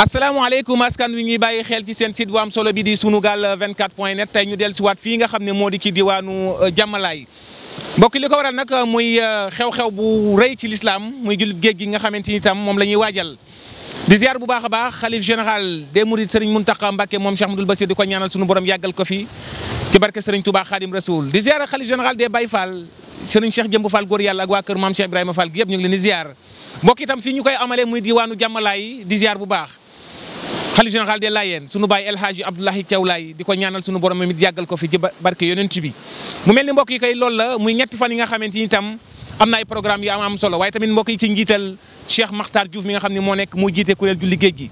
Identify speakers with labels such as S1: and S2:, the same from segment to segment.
S1: asalaamaaleykum askan wi ñuy bàyyi xel ci seen site bu solo bii di sunugal 24 point net tey ñu dellusiwaat fii nga xam ne moo di ci diwaanu euh, jàmmalaay mbokk li ko waral nag euh, muy euh, xew-xew bu rëy ci lislaam muy jullit géej gi nga xamante ni tam moom la ñuy waajal. di ziar bu baax a baax xalif général des mourides Serigne Mountakha Mbacké moom Cheikh Ahmadoul Bassir di ko ñaanal sunu borom yàggal ko fi ci barke Serigne Touba Khadim Rasoul di ziar xalif général des Baye Fall Serigne Cheikh Jëmb Fall góor yàlla ak waa kër maam ñu koy amalee muy diwaanu jàmmalaay di ziar bu baax xalif général des Layènes sunu baay El Hadji Abdoulahi Thiaw Laye di ko ñaanal sunu borom mi yàggal ko fi ci barke yonent bi mu mel ni mbokk yi kay loolu la muy ñetti fan yi nga xamante ni tam am na ay programme xam ne moo nekk moo jiite kuréel julli géej gi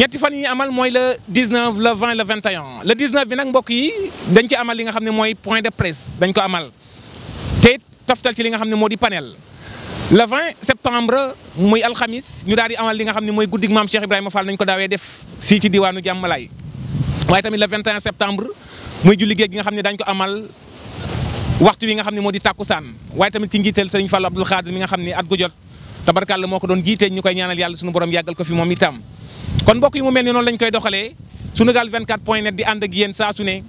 S1: ñetti fan yi ñu amal mooy la 19 le 20 le 21 le 19 bi nag mbokk yi dañ ci amal li nga xam ne mooy point de presse dañ ko amal te toftal ci li nga xam ne moo di panel le 20 septembre muy alxamis ñu daal di amal li nga xam ne mooy guddig maam Cheikh Ibrahima Fall nañ ko daawee def fii ci diwaanu Jàmmalaay waaye tamit le 21 septembre muy julli géej gi nga xam ne dañ ko amal waxtu wi nga xam ne moo di tàkkusaan waaye tamit ci sa sëriñ Fallu Abdul Xaadir mi nga xam ne at gu jot tabarkàlla moo ko doon jiitee ñu koy ñaanal yàlla suñu borom yàggal ko fi moom itam kon mbokk yi mu mel ni noonu lañ koy doxalee sunugal 24 point net di ànd ak yéen saa ne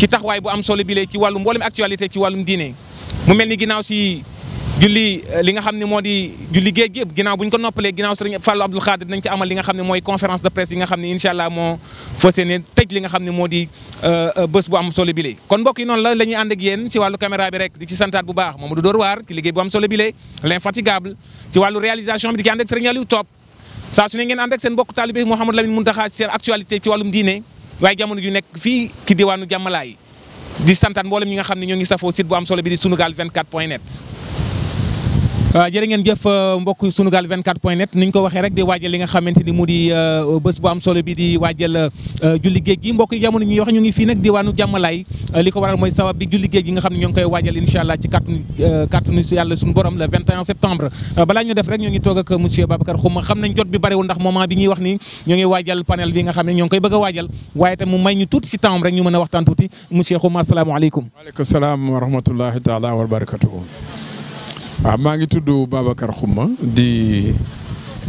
S1: ci taxawaay bu am solo bi lee ci wàllum mboolem actualité ci wàllum diine mu mel ni ginnaaw si julli euh, li nga xam ne moo di julli géej gi yëpp bu ñu ko noppalee ginnaaw sëriñ Fallou Abdoul Khadir dinañ ci amal li nga xam ne mooy conférence de presse yi nga xam ne incha allah moo fas yéene tëj li nga xam ne moo di euh, euh, bés bu am solo bi lee kon mbokk noonu la la ñuy ànd ak yéen ci wàllu caméra bi rek di ci santaat bu baax Mamadou Dóor waar ci liggéey bu am solo bi lee l'infatigable ci wàllu réalisation bi di ki ànd ak sëriñ Aliou Top saa su ne ngeen Euh, jërë ngeen jëf euh, mbokk sunugal 24 point net ni ñu ko waxee rek di waajal li nga xamante ni mu di euh, bés bu am bi di waajal julli géej gi mbokk yi jamono ñuy wax ñu ngi fii nag diwaanu jàmmalaay li ko waral mooy sabab bi julli géej gi nga xam ne ñoo ngi koy waajal incha allah ci kàttanu kàttanu yàlla suñu borom le 21 septembre balaa ñu def rek ñoo ngi toog ak monsieur Babacar Xuma xam nañ jot bi bariwul ndax moment bi ñuy wax ni ñoo ngi waajal panel bi nga xam ne ñoo ngi koy bëgg a waajal waaye tam mu may ñu tuuti ci temps rek ñu a waxtaan tuuti monsieur wa rahmatullahi taala wa waaw ah, maa ngi tudd
S2: Babacar Xuma di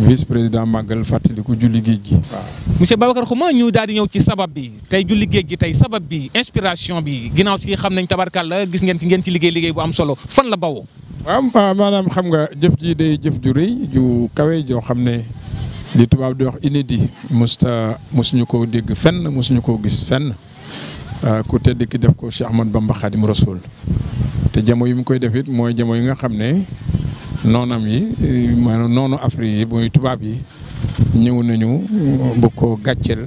S2: vice président màggal fàttaliku julli géej gi.
S1: waaw ah. monsieur Babacar Xuma ñu daal di ñëw ci sabab bi tey julli géej gi tey sabab bi inspiration bi ginnaaw ci xam nañ la gis ngeen ci ngeen ci liggéey liggéey bu am solo fan la bawoo.
S2: waaw maanaam xam nga jëf ji day jëf ju rëy ju kawe joo xam ne li tubaab di wax inédit musta mosuñu ko dégg fenn mosuñu koo gis fenn ah, ku tedd ki def ko Cheikh Ahmad Bamba Khadim Rasoul te jamo yi mu koy def it mooy jamo yu nga xam ne noonam yi maanaam noonu Afrique yi muy tubaab yi ñëw nañu bu ko gàcceel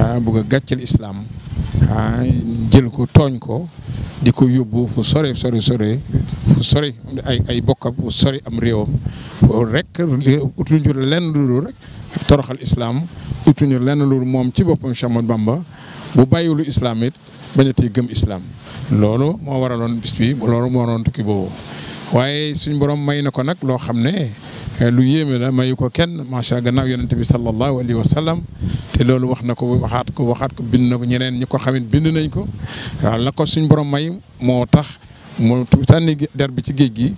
S2: ah bugg a gàcceel islaam ah jël ko tooñ ko di ko yóbbu fu sore sore fu sori ay bokkam fu sori am réewam rek utuñu lenn loolu rek toroxal islaam utuñu lenn loolu moom ci boppam Cheikh Bamba bu bàyyiwulu islam it bañati gëm islaam loolu moo waraloon bis bi loolu moo waroon tukki boobu waaye suñ borom may na ko nag loo xam ne eh, lu yéeme la mayu ko kenn macha allah gannaaw yonente bi sallallahu alayhi wa sallam te loolu wax na ko waxaat ko waxaat ko bind na ko ñeneen ñi ko xamit bind nañ ko waaw la ko suñ borom may moo tax mu sànni der bi ci géej gi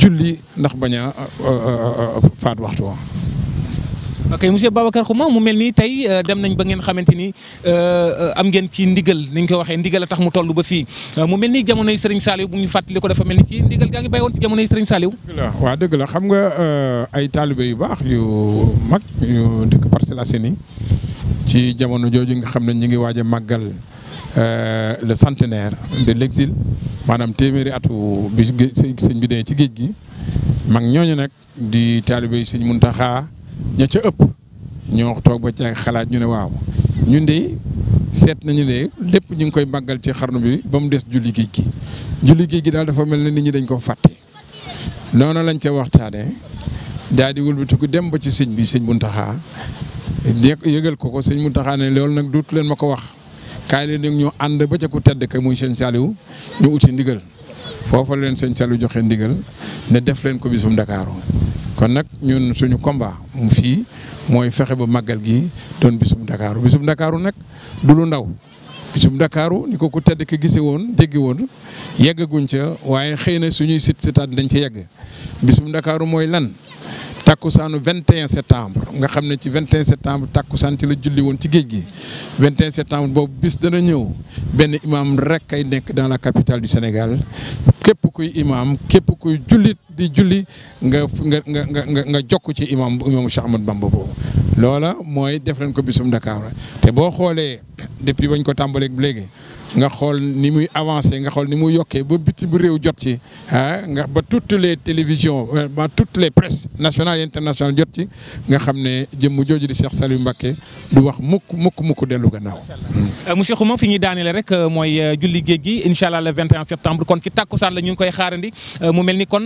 S2: julli ndax bañ a eh, eh, faat waxtu wa
S1: ok monsieur Babacar Xuma mu mel nii tey euh, dem nañ ba ngeen xamante ni euh, euh, am ngeen ci ndigal ni ñu ko waxee ndigal a tax mu toll ba fii mu mel ni jamonoy Serigne Saliou bu ñu fàttali ko dafa mel ni ki ndigal gaa ngi béy woon ci jamonoy Serigne Saliou.
S2: dëgg la waaw nga ay taalibe yu baax yu mag yu dëkk Parcelles Assainies ci jamono jooju nga xam ne ñu ngi waaj a màggal le centenaire de l'exil maanaam téeméeri atu bi sëñ bi dee ci géej gi mag ñooñu nag di taalibe Serigne Mountakha. ña ca ëpp ñoo toog ba ca xalaat ñu ne waaw ñun de seet nañu ne lépp ñu ngi koy màggal ci xarnu bi ba mu des julli géej gi julli géej gi daal dafa mel ne nit ñi dañ ko fàtte noonu lañ ca waxtaanee daal di wëlbatiku dem ba ci sëñ bi sëñ Muntaxa yëgal ko ko sëñ Muntaxa ne loolu nag duut leen ma ko wax kaay leen nag ñu ànd ba ca ku tedd ka muy sëñ Saliou ñu uti ndigal foofa leen sëñ Saliou joxe ndigal ne def leen ko bisum Ndakaaru kon nag ñun suñu combat mu fii mooy fexe ba màggal gi doon bisum Ndakaaru bisum Ndakaaru nag du lu ndaw bisum Ndakaaru ni ko ku tedd ki gise woon déggi woon yeggaguñ ca waaye xëy na suñuy sit sitaat dañ ca yegg bisum Ndakaaru mooy lan takkusaanu 21 septembre nga xam ne ci 21 septembre takkusaan ci la julli woon ci géej gi 21 septembre boobu bis dana ñëw benn imam rek ay nekk dans la capitale du Sénégal képp kuy imam képp kuy jullit di julli nga nga nga nga nga jokk ci imam imaamu Cheikh Ahmad Bamba boobu loola mooy def leen ko bisum Dakar te boo xoolee depuis bañ ko tàmbaleeg léegi nga xool ni muy avancé nga xool ni muy yokkee ba biti bu réew jot ci ah, nga ba toutes les télévisions euh, ba toutes les presses nationales et jot ci nga xam ne jëmm jooju di Cheikh Saliou Mbacké du wax mukk mukk mukk dellu gannaaw.
S1: Euh, monsieur Xuma fi ñuy daanelee rek euh, mooy julli géej gi incha allah le 21 septembre kon ci tàkkusaan la ñu ngi koy xaarandi mu mel ni kon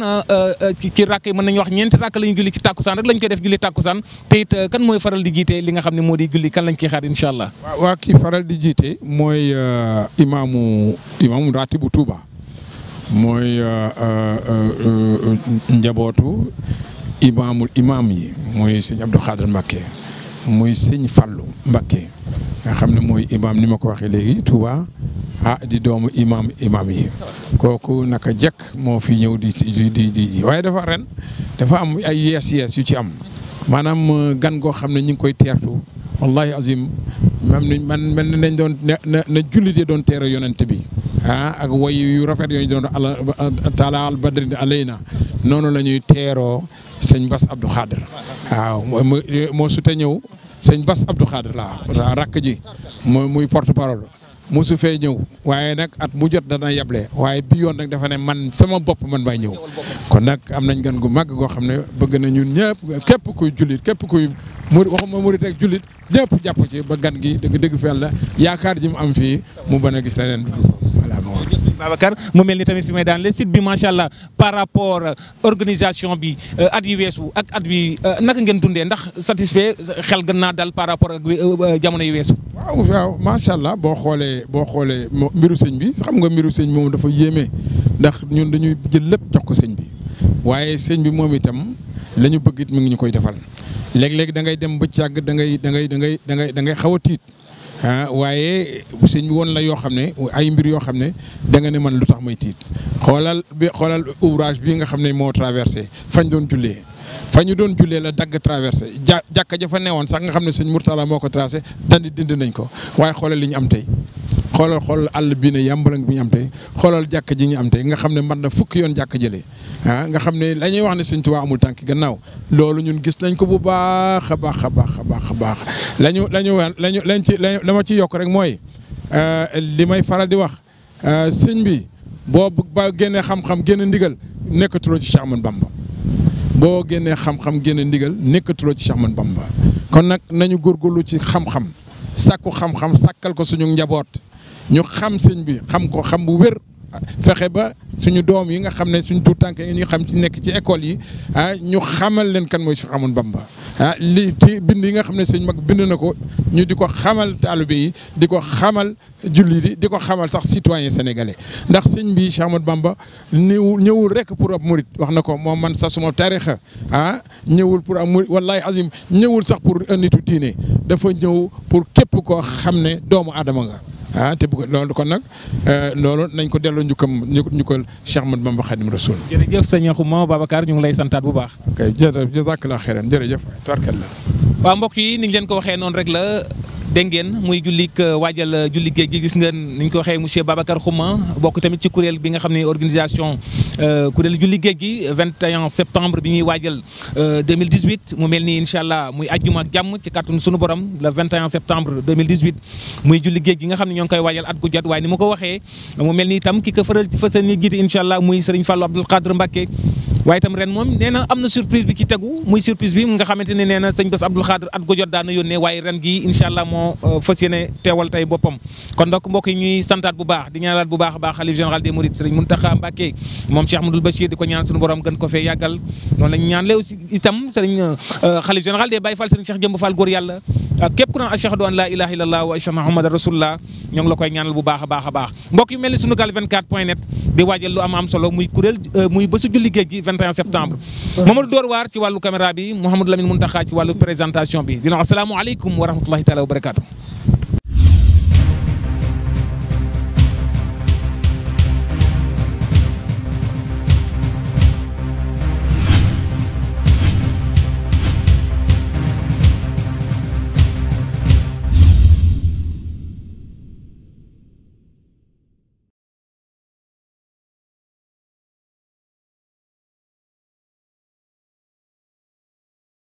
S1: ci rakk mën nañu wax ñeenti rakk la ñu julli ci tàkkusaan rek la ñu koy def julli tàkkusaan te it kan mooy faral di li nga xam ne moo di julli lañ koy xaar incha allah.
S2: waaw ki faral di jiite mooy. imaamu imaamu raatibu Touba mooy uh, uh, uh, njabootu imaamul imaam yi mooy sëñ Abdou Khadre Mbacké muy sëñ Fallou Mbacké nga xam ne mooy imaam ni ma ko waxee léegi Touba ah di doomu imaam imaam yi kooku naka jekk moo fi ñëw di di di di waaye dafa ren dafa am ay yees yees yu ci am maanaam gan goo xam ne ñu ngi koy teertu wallahi azim mam ni man mel nañ doon na na jullit yi doon teeru yonent bi ah ak way yu rafet yooyu doon ala taala al badri alayna noonu la ñuy teeroo sëñ bas Abdou Khadr waaw moo su te ñëw sëñ bas Abdou Khadr la rakk ji muy porte parole mosu fee ñëw waaye nag at mu jot dana yable waaye bi yoon nag dafa ne man sama bopp man bay ñëw kon nag am nañ gan gu màgg goo xam ne bëgg na ñun ñëpp képp kuy jullit képp kuy murit waxuma murit ak jullit ñëpp jàpp
S1: ci ba gan gi dëgg dëgg fi yàlla yaakaar ji mu am fii mu bën a gis leneen du Babacar mu mel ni tamit fi may daan le site bi macha allah par rapport euh, organisation bi euh, at yi weesu ak at bi euh, naka ngeen dundee ndax satisfait xel gën naa dal par rapport ak jamono yi weesu.
S2: waaw waaw macha allah boo xoolee boo xoolee mbiru sëñ bi xam nga mbiru sëñ moom dafa yéeme ndax ñun dañuy jël lépp jox ko sëñ bi waaye sëñ bi moom itam lañu ñu bëgg it mi ngi ñu koy defal léeg-léeg da ngay dem ba càgg da ngay da ngay da ngay da ngay da xaw a tiit. ah waaye sëñ bi woon la yoo xam ne ay mbir yoo xam ne da nga ne man lu tax may tiit xoolal bi xoolal ouvrage bi nga xam ne moo traversé fañ doon jullee fañu doon jullee la dagg traversé ja jàkka ja fa newoon sax nga xam ne sëñ Mourtala moo ko tracé dandi dind nañ ko waaye xoolal li ñu am tey. xoolal xoolal àll bii ne yàmbalang bi ñu am tey xoolal jàkk ji ñu am tey nga xam ne man na fukki yoon jàkk jëlee ah nga xam ne la ñuy wax ne sëñ waa amul tànk gannaaw loolu ñun gis nañ ko bu baax a baax a baax a baax a baax lañu lañu lañu lañ ci la ma ci yokk rek mooy euh, li may faral di wax euh, sëñ bi boo ba génnee xam-xam génn ndigal nekkatuloo ci Cheikh Ahmadou Bamba boo génnee xam-xam génn ndigal nekkatuloo ci Cheikh Ahmadou Bamba kon nag nañu góorgóorlu ci xam-xam sàkku xam-xam sàkkal ko suñu njaboot ñu xam sëñ bi xam ko xam bu wér fexe ba suñu doom yi nga xam ne suñu tuut tànk yi ni xam ci nekk ci école yi ah ñu xamal leen kan mooy Cheikh Ahmadou Bamba ah li ci bind yi nga xam ne sëñ mag bind na ko ñu di ko xamal taalibe yi di ko xamal jullit yi di ko xamal sax citoyen sénégalais ndax sëñ bi Cheikh Bamba ñëwul ñëwul rek pour ab murit wax na ko moom man sax suma tarixa ah ñëwul pour ab murit wallahi azim ñëwul sax pour nitu diine dafa ñëw pour képp koo xam ne doomu aadama nga ah te bu loolu kon nag euh, loolu nañ ko delloo njukkam njukkal Cheikh Ahmadou Bamba Khadim Rasoul. jërëjëf sëñ Xuma Babacar ñu ngi lay santaat bu baax. ok jërëjëf jazakallah xeyran jërëjëf tarkalla.
S1: waaw mbokk yi ni ñu leen ko waxee noonu rek la. dégg ngeen muy jullik euh, waajal euh, julli géej gi gis ngeen ni ñu ko waxee monsieur Babacar Xuma bokk tamit ci kuréel bi nga xam ne organisation Euh, kuréel julli géej gi 21 septembre bi ñuy waajal 2018 euh, mu mel ni incha allah muy ajjuma ak jàmm ci kàttanu sunu borom le 21 septembre 2018 muy julli géej gi nga xam ne ñoo ngi koy waajal at gu jot waaye ni ma ko waxee mu mel ni itam ki ko fëral fësal ni jiite incha allah muy Serigne Fallou Abdoul Khadr Mbacké waaye itam ren moom nee na am na surprise bi ci tegu muy surprise bi nga xamante ne nee na sëñ Bass at gu jot daan na waaye ren gi incha allah moo euh, fas yéene teewal tey boppam kon donc mbokk yi ñuy santaat bu baax di ñaanalaat bu baax a baax xalif général des mourides sëriñ Mountakha Mbacké moom Cheikh Ahmadoul Bachir di ko ñaan suñu borom gën ko fee yàggal noonu la aussi itam sëriñ euh, xalif général des Baye ñoo ngi la koy ñaanal bu baax a baax a baax mbokk yu 21 septembre Mamadou Dóor waar ci wàllu caméra bi Mouhamadou Lamine Muntaxa ci wàllu présentation bi dina asalaamaaleykum wa rahmatullahi taala wa barakaatu